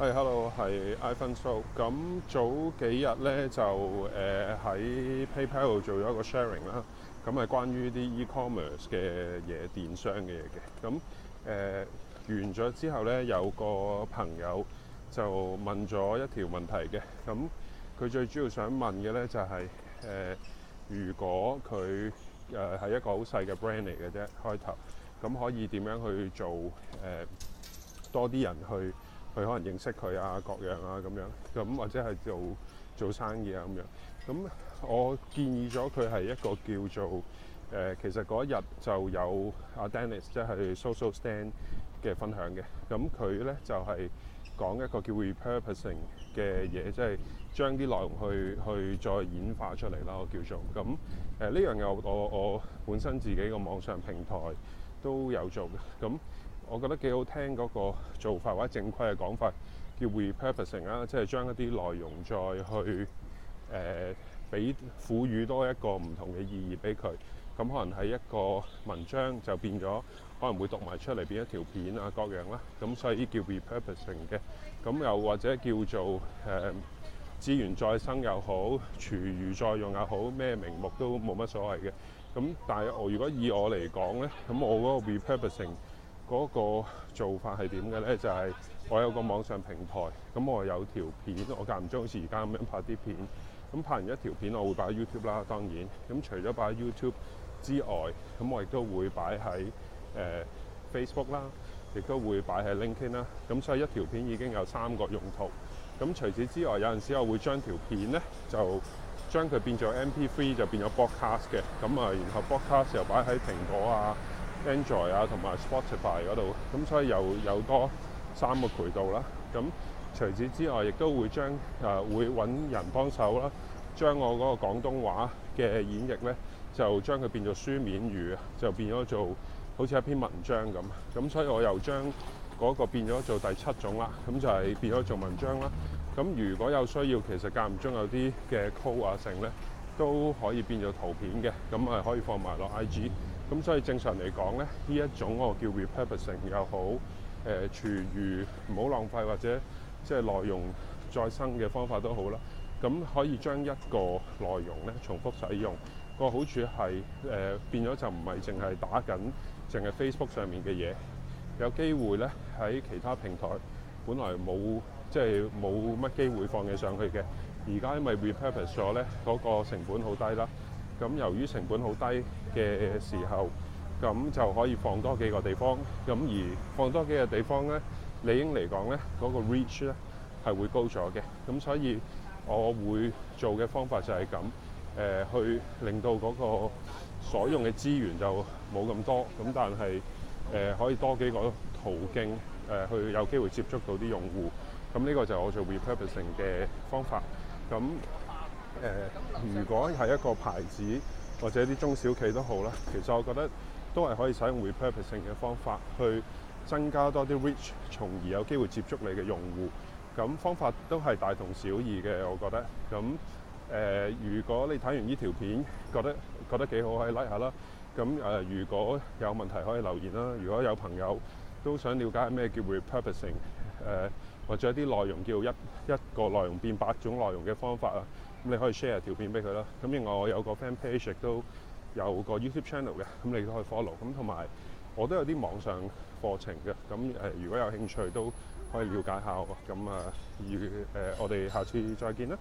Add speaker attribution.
Speaker 1: 係、hey，hello，係 iPhone Show。咁早幾日咧就誒喺 PayPal 做咗一個 sharing 啦。咁係關於啲、e、e-commerce 嘅嘢，電商嘅嘢嘅。咁、嗯、誒、嗯、完咗之後咧，有個朋友就問咗一條問題嘅。咁、嗯、佢最主要想問嘅咧就係、是、誒、嗯，如果佢誒係一個好細嘅 brand 嚟嘅啫，開頭咁可以點樣去做誒、嗯、多啲人去？佢可能認識佢啊，各樣啊咁樣，咁或者係做做生意啊咁樣。咁我建議咗佢係一個叫做、呃、其實嗰日就有阿、啊、Dennis 即係 Social Stand 嘅分享嘅。咁佢咧就係、是、講一個叫 repurposing 嘅嘢，即、就、係、是、將啲內容去去再演化出嚟啦，我叫做咁。呢樣嘢我我本身自己個網上平台都有做嘅。咁。我覺得幾好聽嗰個做法，或者正規嘅講法叫 repurposing 啦，即係將一啲內容再去誒俾、呃、賦予多一個唔同嘅意義俾佢。咁可能係一個文章就變咗，可能會讀埋出嚟變一條片啊，各樣啦。咁所以叫 repurposing 嘅。咁又或者叫做誒、呃、資源再生又好，廚餘再用又好，咩名目都冇乜所謂嘅。咁但係我如果以我嚟講咧，咁我嗰個 repurposing 嗰個做法係點嘅咧？就係、是、我有個網上平台，咁我有條片，我時時間唔中好似而家咁拍啲片，咁拍完一條片，我會擺喺 YouTube 啦。當然，咁除咗擺喺 YouTube 之外，咁我亦都會擺喺、呃、Facebook 啦，亦都會擺喺 Linkin 啦。咁所以一條片已經有三個用途。咁除此之外，有陣時候我會將條片咧，就將佢變咗 MP3，就變咗 b o d c a s t 嘅。咁啊，然後 b o d c a s t 又擺喺蘋果啊。Android 啊，同埋 Spotify 嗰度，咁所以又有，有多三個渠道啦。咁除此之外，亦都會將誒、啊、會揾人幫手啦，將我嗰個廣東話嘅演繹咧，就將佢變做書面語，就變咗做好似一篇文章咁。咁所以我又將嗰個變咗做第七種啦。咁就係變咗做文章啦。咁如果有需要，其實間唔中有啲嘅 call 啊性咧，都可以變做圖片嘅，咁啊可以放埋落 IG。咁所以正常嚟講咧，呢一種我叫 repurposing 又好，誒、呃、廚餘唔好浪費或者即係內容再生嘅方法都好啦。咁可以將一個內容咧，重複使用，個好處係誒、呃、變咗就唔係淨係打緊，淨係 Facebook 上面嘅嘢，有機會咧，喺其他平台本來冇即係冇乜機會放嘢上去嘅，而家因為 repurpose 咗咧，嗰、嗰個成本好低啦。咁由於成本好低嘅時候，咁就可以放多幾個地方，咁而放多幾個地方咧，理應嚟講咧，嗰個 reach 咧係會高咗嘅。咁所以我會做嘅方法就係咁，誒去令到嗰個所用嘅資源就冇咁多，咁但係誒可以多幾個途徑，誒去有機會接觸到啲用戶。咁呢個就係我做 repurposing 嘅方法。咁呃、如果係一個牌子或者啲中小企都好啦，其實我覺得都係可以使用 repurposing 嘅方法去增加多啲 reach，從而有機會接觸你嘅用戶。咁方法都係大同小異嘅，我覺得。咁、呃、如果你睇完呢條片覺得覺得幾好，可以 like 下啦。咁、呃、如果有問題可以留言啦。如果有朋友都想了解咩叫 repurposing，呃、或者一啲內容叫一一個內容變八種內容嘅方法啊。咁你可以 share 條片俾佢啦。咁另外我有個 fan page 亦都有個 YouTube channel 嘅，咁你都可以 follow。咁同埋我都有啲網上課程嘅，咁誒如果有興趣都可以了解下。咁啊，如誒我哋下次再見啦。